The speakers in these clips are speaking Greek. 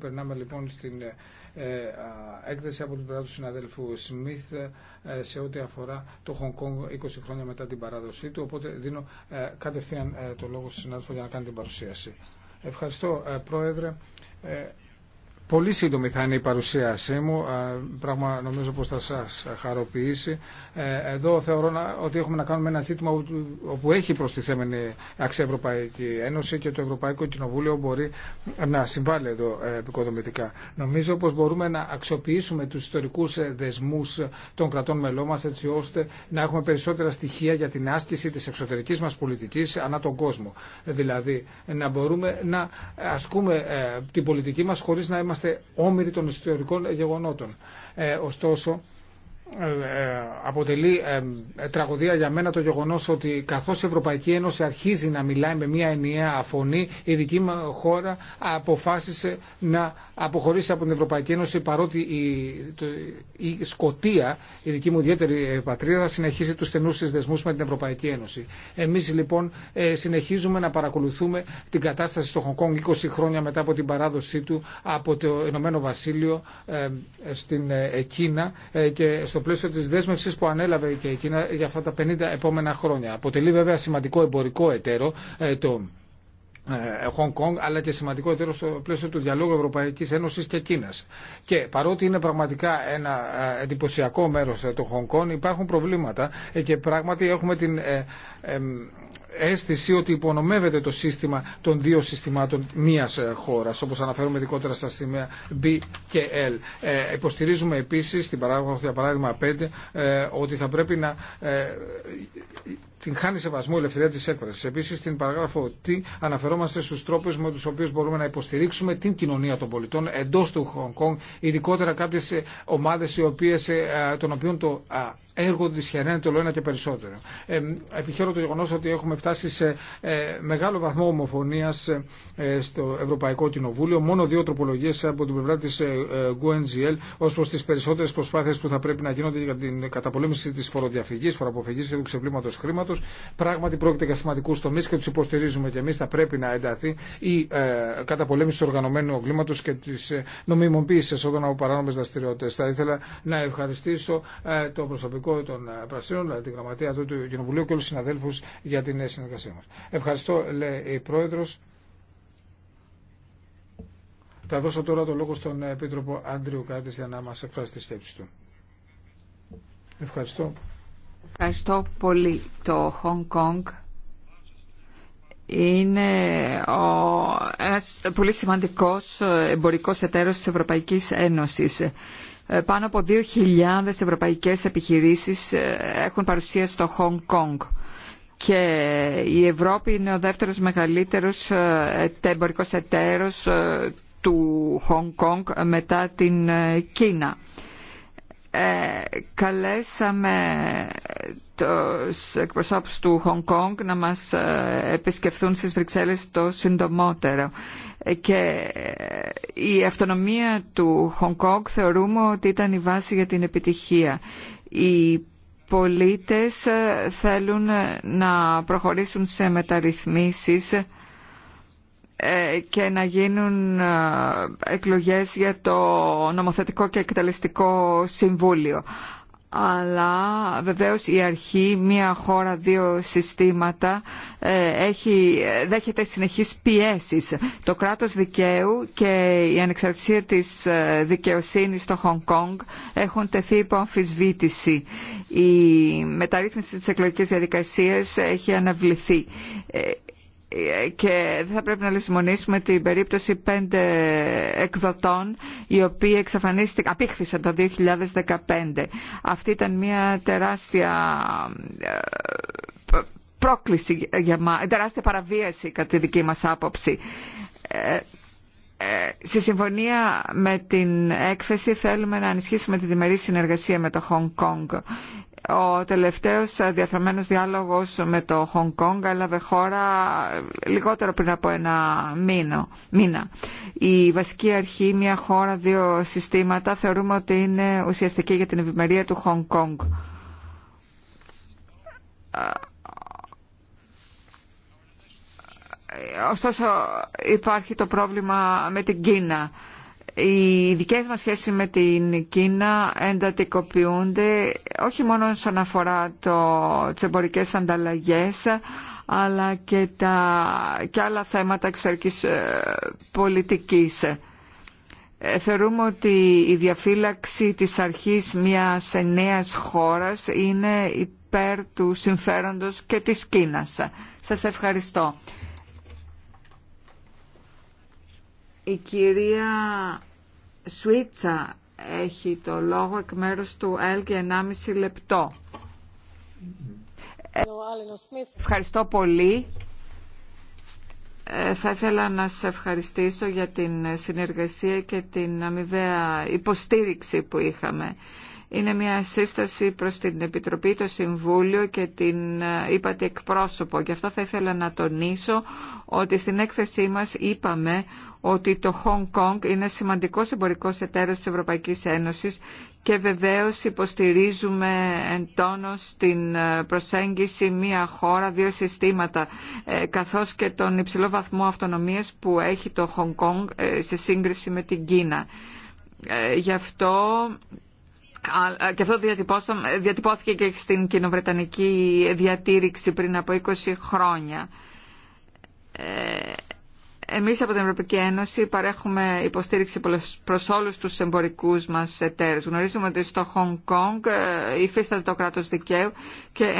Περνάμε λοιπόν στην ε, ε, έκθεση από την πλευρά του συναδέλφου Σμιθ ε, σε ό,τι αφορά το Χονγκ Κόνγκ 20 χρόνια μετά την παράδοσή του. Οπότε δίνω κατευθείαν το λόγο στον συνάδελφο για να κάνει την παρουσίαση. Ευχαριστώ, Πρόεδρε. Πολύ σύντομη θα είναι η παρουσίασή μου, πράγμα νομίζω πως θα σας χαροποιήσει. Ε, εδώ θεωρώ ότι έχουμε να κάνουμε ένα ζήτημα όπου έχει προστιθέμενη αξία Ευρωπαϊκή Ένωση και το Ευρωπαϊκό Κοινοβούλιο μπορεί να συμβάλλει εδώ ε, επικοδομητικά. Νομίζω πως μπορούμε να αξιοποιήσουμε τους ιστορικούς ε, δεσμούς των κρατών μελών μας έτσι ώστε να έχουμε περισσότερα στοιχεία για την άσκηση της εξωτερικής μας πολιτικής ανά τον κόσμο. Δηλαδή να μπορούμε να ασκούμε την πολιτική μας χωρίς να είμαστε είμαστε όμοιροι των ιστορικών γεγονότων. Ε, ωστόσο, ε, ε, αποτελεί τραγωδία για μένα το γεγονός ότι καθώς η Ευρωπαϊκή Ένωση αρχίζει να μιλάει με μια ενιαία αφωνή, η δική μου χώρα αποφάσισε να αποχωρήσει από την Ευρωπαϊκή Ένωση παρότι η Σκοτία, η δική μου ιδιαίτερη ε, πατρίδα θα συνεχίσει τους στενούς της δεσμούς με την Ευρωπαϊκή Ένωση. Εμείς λοιπόν συνεχίζουμε να παρακολουθούμε την κατάσταση στο Χονγκ 20 χρόνια μετά από την παράδοσή του από το Ηνωμένο Βασίλειο στην Κίνα και στο πλαίσιο τη δέσμευση που ανέλαβε και εκείνα για αυτά τα 50 επόμενα χρόνια. Αποτελεί βέβαια σημαντικό εμπορικό εταίρο ε, το ε, αλλά και σημαντικότερο στο πλαίσιο του διαλόγου Ευρωπαϊκής Ένωσης και Κίνας. Και παρότι είναι πραγματικά ένα ε, εντυπωσιακό μέρος ε, το Hong Kong, υπάρχουν προβλήματα και πράγματι έχουμε την αίσθηση ότι υπονομεύεται το σύστημα των δύο συστημάτων μίας χώρας όπως αναφέρουμε ειδικότερα στα σημεία B και L. Ε, υποστηρίζουμε επίση, στην παράγραφο για παράδειγμα 5, ότι θα πρέπει να την χάνει η ελευθερία τη έκφραση. Επίση, στην παράγραφο T αναφερόμαστε στου τρόπου με του οποίου μπορούμε να υποστηρίξουμε την κοινωνία των πολιτών εντό του Χονγκ Κονγκ, ειδικότερα κάποιε ομάδε ε, των οποίων το έργο δυσχεραίνεται όλο ένα και περισσότερο. Ε, επιχαίρω το γεγονό ότι έχουμε φτάσει σε ε, μεγάλο βαθμό ομοφωνία ε, ε, στο Ευρωπαϊκό Κοινοβούλιο. Μόνο δύο τροπολογίε από την πλευρά τη GUNGL ω προ τι περισσότερε προσπάθειε που θα πρέπει να γίνονται για την καταπολέμηση τη φοροδιαφυγή, φοροαποφυγή και του ξεπλήματο χρήματο. Πράγματι πρόκειται για σημαντικού τομεί και του υποστηρίζουμε και εμεί. Θα πρέπει να ενταθεί η καταπολέμηση του οργανωμένου εγκλήματο και τη νομιμοποίηση εσόδων από παράνομε δραστηριότητε. Θα ήθελα να ευχαριστήσω το προσωπικό τον των ε, Πρασίνων, δηλαδή ε, την γραμματεία του, του Κοινοβουλίου και όλου του συναδέλφου για την ε, συνεργασία μα. Ευχαριστώ, λέει η Πρόεδρο. Θα δώσω τώρα το λόγο στον Επίτροπο Άντριου Κάτη για να μα εκφράσει τη σκέψη του. Ευχαριστώ. Ευχαριστώ πολύ. Το Hong Kong είναι ο, ένας πολύ σημαντικός εμπορικός εταίρος της Ευρωπαϊκής Ένωσης ε, πάνω από 2.000 ευρωπαϊκές επιχειρήσεις ε, έχουν παρουσία στο Χονγκ Κονγκ και η Ευρώπη είναι ο δεύτερος μεγαλύτερος ε, εμπορικός εταίρος του Χονγκ Κονγκ μετά την Κίνα. καλέσαμε τους εκπροσώπους του Χονγκ να μας ε, επισκεφθούν στις Βρυξέλλες το συντομότερο. Και ε, η αυτονομία του Χονγκ θεωρούμε ότι ήταν η βάση για την επιτυχία. Οι πολίτες ε, θέλουν να προχωρήσουν σε μεταρρυθμίσεις και να γίνουν εκλογές για το νομοθετικό και εκτελεστικό συμβούλιο αλλά βεβαίως η αρχή μία χώρα, δύο συστήματα ε, έχει, δέχεται συνεχείς πιέσεις. Το κράτος δικαίου και η ανεξαρτησία της ε, δικαιοσύνης στο Χονγκ Κόνγκ έχουν τεθεί υπό αμφισβήτηση. Η μεταρρύθμιση της εκλογικής διαδικασίας έχει αναβληθεί. Ε, ε, και δεν θα πρέπει να λησμονήσουμε την περίπτωση πέντε εκδοτών οι οποίοι εξαφανίστηκαν, απήχθησαν το 2015. Αυτή ήταν μια τεράστια ε, πρόκληση, για ε, τεράστια παραβίαση κατά τη δική μας άποψη. Στη συμφωνία με την έκθεση θέλουμε να ανισχύσουμε τη διμερή συνεργασία με το Hong Kong ο τελευταίος διαφερμένος διάλογος με το Χονγκ Κόνγκ έλαβε χώρα λιγότερο πριν από ένα μήνα. Η βασική αρχή, μια χώρα, δύο συστήματα, θεωρούμε ότι είναι ουσιαστική για την ευημερία του Χονγκ Κόνγκ. Ε, ωστόσο υπάρχει το πρόβλημα με την Κίνα οι δικές μας σχέσεις με την Κίνα εντατικοποιούνται όχι μόνο όσον αφορά το, τις εμπορικές ανταλλαγές αλλά και, τα, και άλλα θέματα εξωτερικής ε, πολιτικής. Ε, θεωρούμε ότι η διαφύλαξη της αρχής μιας νέας χώρας είναι υπέρ του συμφέροντος και της Κίνας. Σας ευχαριστώ. Η κυρία Σουίτσα έχει το λόγο εκ μέρους του ΕΛ και 1,5 λεπτό. Ε, ευχαριστώ πολύ. Ε, θα ήθελα να σε ευχαριστήσω για την συνεργασία και την αμοιβαία υποστήριξη που είχαμε είναι μια σύσταση προς την Επιτροπή, το Συμβούλιο και την ε, είπατε εκπρόσωπο. Γι' αυτό θα ήθελα να τονίσω ότι στην έκθεσή μας είπαμε ότι το Hong Kong είναι σημαντικός εμπορικός εταίρος της Ευρωπαϊκής Ένωσης και βεβαίως υποστηρίζουμε τόνο την ε, προσέγγιση μία χώρα, δύο συστήματα, ε, καθώς και τον υψηλό βαθμό αυτονομίας που έχει το Hong Kong σε σύγκριση με την Κίνα. Γι' αυτό και αυτό διατυπώθηκε και στην κοινοβρετανική διατήρηξη πριν από 20 χρόνια. Ε, εμείς από την Ευρωπαϊκή Ένωση παρέχουμε υποστήριξη προς όλους τους εμπορικούς μας εταίρους. Γνωρίζουμε ότι στο Χονγκ Κόνγκ ε, υφίσταται το κράτος δικαίου και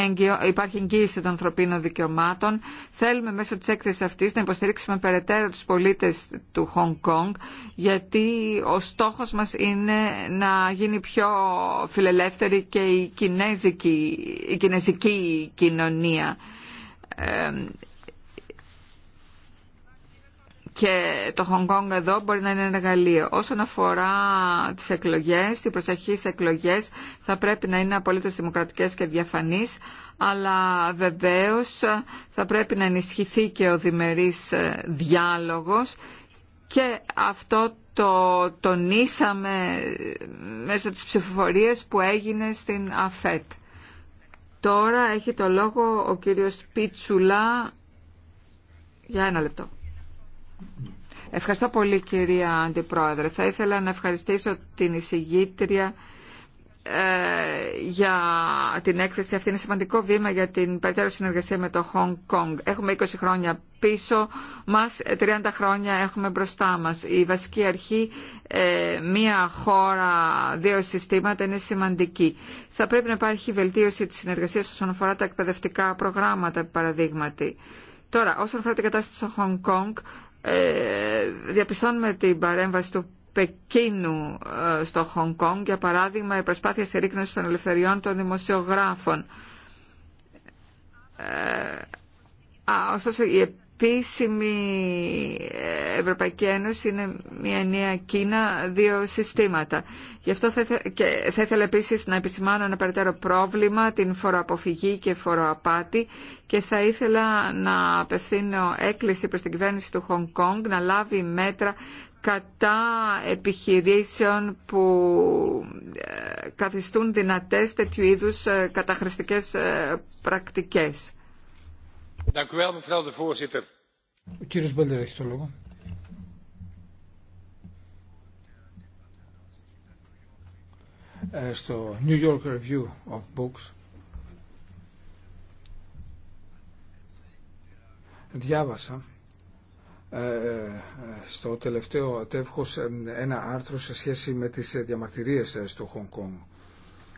υπάρχει εγγύηση των ανθρωπίνων δικαιωμάτων. Θέλουμε μέσω της έκθεσης αυτής να υποστηρίξουμε περαιτέρω τους πολίτες του Χονγκ γιατί ο στόχος μας είναι να γίνει πιο φιλελεύθερη και η κινέζικη, η κινέζικη κοινωνία ε, και το Χονγκ εδώ μπορεί να είναι ένα εργαλείο. Όσον αφορά τις εκλογές, οι προσεχείς εκλογές θα πρέπει να είναι απολύτως δημοκρατικές και διαφανείς, αλλά βεβαίως θα πρέπει να ενισχυθεί και ο διμερής ε, διάλογος και αυτό το τονίσαμε ε, μέσω της ψηφοφορίας που έγινε στην ΑΦΕΤ. Τώρα έχει το λόγο ο κύριος Πίτσουλα για ένα λεπτό. Ευχαριστώ πολύ κυρία Αντιπρόεδρε. Θα ήθελα να ευχαριστήσω την εισηγήτρια ε, για την έκθεση αυτή. Είναι σημαντικό βήμα για την περαιτέρω συνεργασία με το Hong Kong. Έχουμε 20 χρόνια πίσω μας, 30 χρόνια έχουμε μπροστά μας. Η βασική αρχή ε, μία χώρα, δύο συστήματα είναι σημαντική. Θα πρέπει να υπάρχει βελτίωση της συνεργασίας όσον αφορά τα εκπαιδευτικά προγράμματα, παραδείγματι. Τώρα, όσον αφορά την κατάσταση στο Hong Kong, ε, διαπιστώνουμε την παρέμβαση του Πεκίνου ε, στο Χονγκ Κόνγκ, για παράδειγμα η προσπάθεια ρίχνωση των ελευθεριών των δημοσιογράφων. Ε, ωστόσο, η επίσημη Ευρωπαϊκή Ένωση είναι μια νέα Κίνα, δύο συστήματα. Γι' αυτό θα ήθελα, και θα ήθελα επίσης να επισημάνω ένα περαιτέρω πρόβλημα, την φοροαποφυγή και φοροαπάτη και θα ήθελα να απευθύνω έκκληση προς την κυβέρνηση του Χονγκ Κόνγκ να λάβει μέτρα κατά επιχειρήσεων που ε, καθιστούν δυνατές τέτοιου είδους ε, καταχρηστικές ε, πρακτικές. Ο κύριος Μπέλτερ έχει το λόγο. Ε, στο New York Review of Books διάβασα ε, στο τελευταίο τεύχος ε, ένα άρθρο σε σχέση με τις διαμαρτυρίες στο Χονγκ Κόνγκ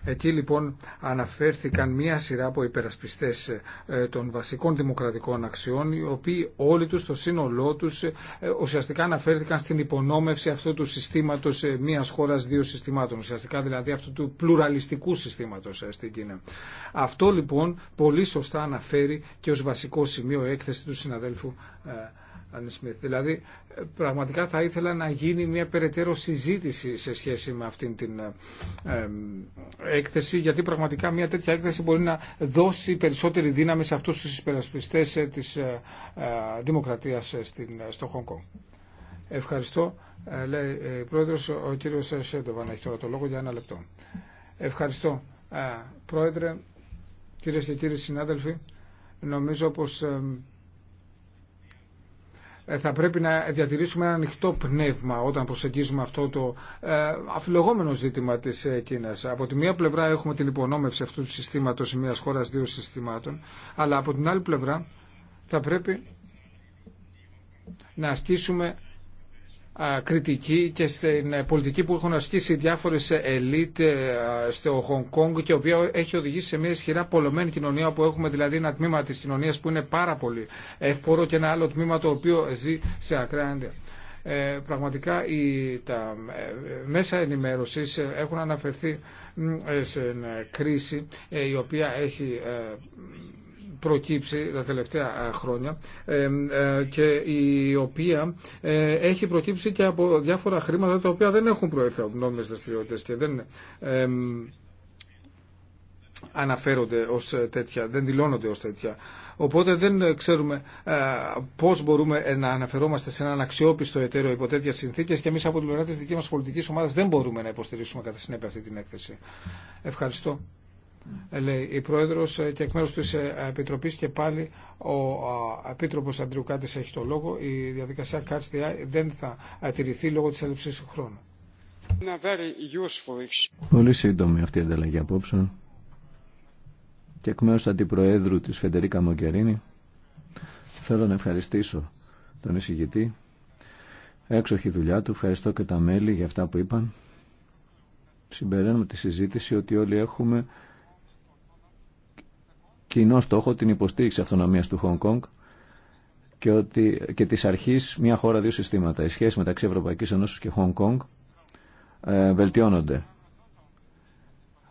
Εκεί λοιπόν αναφέρθηκαν μία σειρά από υπερασπιστές ε, των βασικών δημοκρατικών αξιών, οι οποίοι όλοι τους το σύνολό τους ε, ουσιαστικά αναφέρθηκαν στην υπονόμευση αυτού του συστήματος ε, μίας χώρας δύο συστημάτων, ουσιαστικά δηλαδή αυτού του πλουραλιστικού συστήματος στην Κίνα. Αυτό λοιπόν πολύ σωστά αναφέρει και ως βασικό σημείο έκθεση του συναδέλφου δηλαδή, ε, πραγματικά θα ήθελα να γίνει μια περαιτέρω συζήτηση σε σχέση με αυτήν την ε, έκθεση, γιατί πραγματικά μια τέτοια έκθεση μπορεί να δώσει περισσότερη δύναμη σε αυτούς τους υπερασπιστές ε, της δημοκρατίας στο Χονγκ Ευχαριστώ. Λέει ο πρόεδρος, ο κύριος Σέντοβαν έχει τώρα το λόγο για ένα λεπτό. Ευχαριστώ. Πρόεδρε, κύριε και κύριοι συνάδελφοι, νομίζω πως ε, θα πρέπει να διατηρήσουμε ένα ανοιχτό πνεύμα όταν προσεγγίζουμε αυτό το ε, αφιλογόμενο ζήτημα της ε, Κίνα. Από τη μία πλευρά έχουμε την υπονόμευση αυτού του συστήματος μία χωρα δύο συστημάτων, αλλά από την άλλη πλευρά θα πρέπει να ασκήσουμε κριτική και στην ε, πολιτική που έχουν ασκήσει διάφορε ελίτ ε, στο Χονγκ Κόνγκ και η οποία έχει οδηγήσει σε μια ισχυρά πολλωμένη κοινωνία που έχουμε δηλαδή ένα τμήμα τη κοινωνία που είναι πάρα πολύ εύπορο και ένα άλλο τμήμα το οποίο ζει σε ακραία ε, πραγματικά οι, τα ε, μέσα ενημέρωσης έχουν αναφερθεί σε κρίση η οποία έχει προκύψει τα τελευταία ε, χρόνια ε, ε, και η οποία έχει προκύψει και από διάφορα χρήματα τα οποία δεν έχουν προέρθει από νόμιμες δραστηριότητες και δεν αναφέρονται ως τέτοια, δεν δηλώνονται ως τέτοια. Οπότε δεν ξέρουμε ε, πώ μπορούμε να αναφερόμαστε σε έναν αξιόπιστο εταίρο υπό τέτοιε συνθήκε και εμεί από την πλευρά τη δική μα πολιτική ομάδα δεν μπορούμε να υποστηρίξουμε κατά συνέπεια αυτή την έκθεση. Ευχαριστώ. Ε, λέει η Πρόεδρος ε, και εκ μέρους της ε, Επιτροπής και πάλι ο Επίτροπος Αντριουκάτης έχει το λόγο. Η διαδικασία ΚΑΤΣΤΙΑ δεν θα τηρηθεί λόγω της του χρόνου. Πολύ σύντομη αυτή η ανταλλαγή απόψε και εκ μέρους Αντιπροέδρου της Φεντερίκα Μογκερίνη θέλω να ευχαριστήσω τον εισηγητή έξοχη δουλειά του ευχαριστώ και τα μέλη για αυτά που είπαν συμπεραίνουμε τη συζήτηση ότι όλοι έχουμε κοινό στόχο την υποστήριξη αυτονομίας του Χονγκ Κονγκ και, ότι, και της αρχής μια χώρα δύο συστήματα. Οι σχέσεις μεταξύ Ευρωπαϊκής Ενώσης και Χονγκ Κονγκ ε, βελτιώνονται.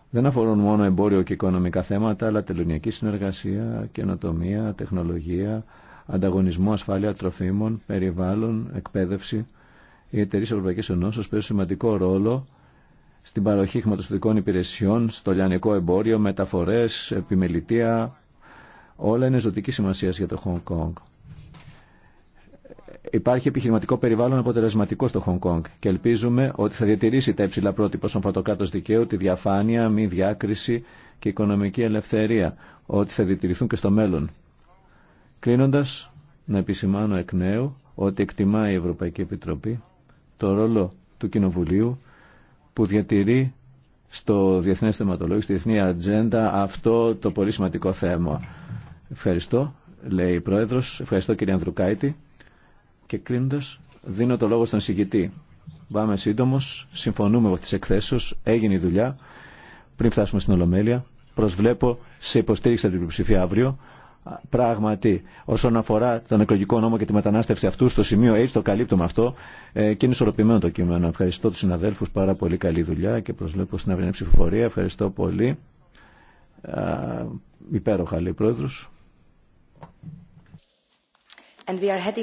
Δεν αφορούν μόνο εμπόριο και οικονομικά θέματα, αλλά τελωνιακή συνεργασία, καινοτομία, τεχνολογία, ανταγωνισμό, ασφάλεια τροφίμων, περιβάλλον, εκπαίδευση. Οι εταιρείε Ευρωπαϊκή Ενώσεω παίζουν σημαντικό ρόλο στην παροχή χρηματοστατικών υπηρεσιών, στο λιανικό εμπόριο, μεταφορές, επιμελητεία. Όλα είναι ζωτική σημασία για το Χονγκ Κόνγκ. Υπάρχει επιχειρηματικό περιβάλλον αποτελεσματικό στο Χονγκ Κόνγκ και ελπίζουμε ότι θα διατηρήσει τα υψηλά πρότυπα στον φωτοκράτο δικαίου, τη διαφάνεια, μη διάκριση και οικονομική ελευθερία, ότι θα διατηρηθούν και στο μέλλον. Κλείνοντα, να επισημάνω εκ νέου ότι εκτιμά η Ευρωπαϊκή Επιτροπή το ρόλο του Κοινοβουλίου που διατηρεί στο διεθνέ θεματολόγιο, στη διεθνή ατζέντα αυτό το πολύ σημαντικό θέμα. Ευχαριστώ, λέει η Πρόεδρος. Ευχαριστώ κύριε Ανδρουκάητη. Και κλείνοντας, δίνω το λόγο στον συγκητή. Πάμε σύντομο, συμφωνούμε με τι εκθέσεις, έγινε η δουλειά. Πριν φτάσουμε στην Ολομέλεια, προσβλέπω σε υποστήριξη από την πλειοψηφία αύριο πράγματι όσον αφορά τον εκλογικό νόμο και τη μετανάστευση αυτού στο σημείο H το καλύπτουμε αυτό ε, και είναι ισορροπημένο το κείμενο. Ευχαριστώ τους συναδέλφους πάρα πολύ καλή δουλειά και προσβλέπω στην αυρινή ψηφοφορία. Ευχαριστώ πολύ. Ε, υπέροχα λέει πρόεδρος. And we are